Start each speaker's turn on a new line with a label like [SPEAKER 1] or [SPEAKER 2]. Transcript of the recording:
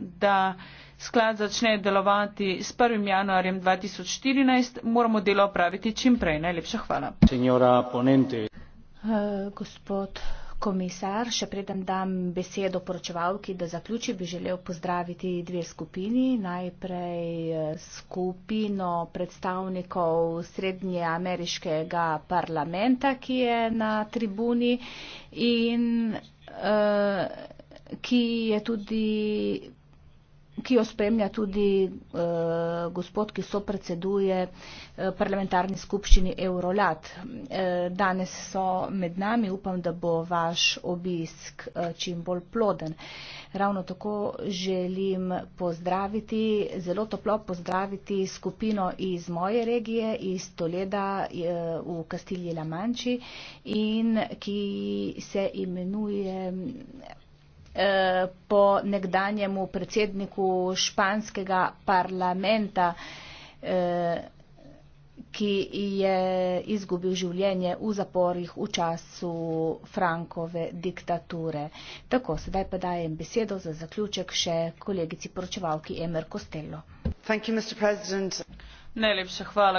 [SPEAKER 1] da sklad začne delovati s 1. januarjem 2014, moramo delo opraviti čim prej. Najlepša hvala.
[SPEAKER 2] Eh,
[SPEAKER 3] gospod komisar, še predem dam besedo poročevalki, da zaključi, bi želel pozdraviti dve skupini. Najprej eh, skupino predstavnikov Srednje ameriškega parlamenta, ki je na tribuni in uh, ki je tudi ki jo spremlja tudi eh, gospod, ki so predseduje eh, parlamentarni skupščini Eurolat. Eh, danes so med nami, upam, da bo vaš obisk eh, čim bolj ploden. Ravno tako želim pozdraviti, zelo toplo pozdraviti skupino iz moje regije, iz Toleda eh, v Kastilji Lamanči in ki se imenuje Eh, po nekdanjemu predsedniku španskega parlamenta, eh, ki je izgubil življenje v zaporih v času Frankove diktature. Tako, sedaj pa dajem besedo za zaključek še
[SPEAKER 2] kolegici poročevalki Emer Costello. Najlepša hvala.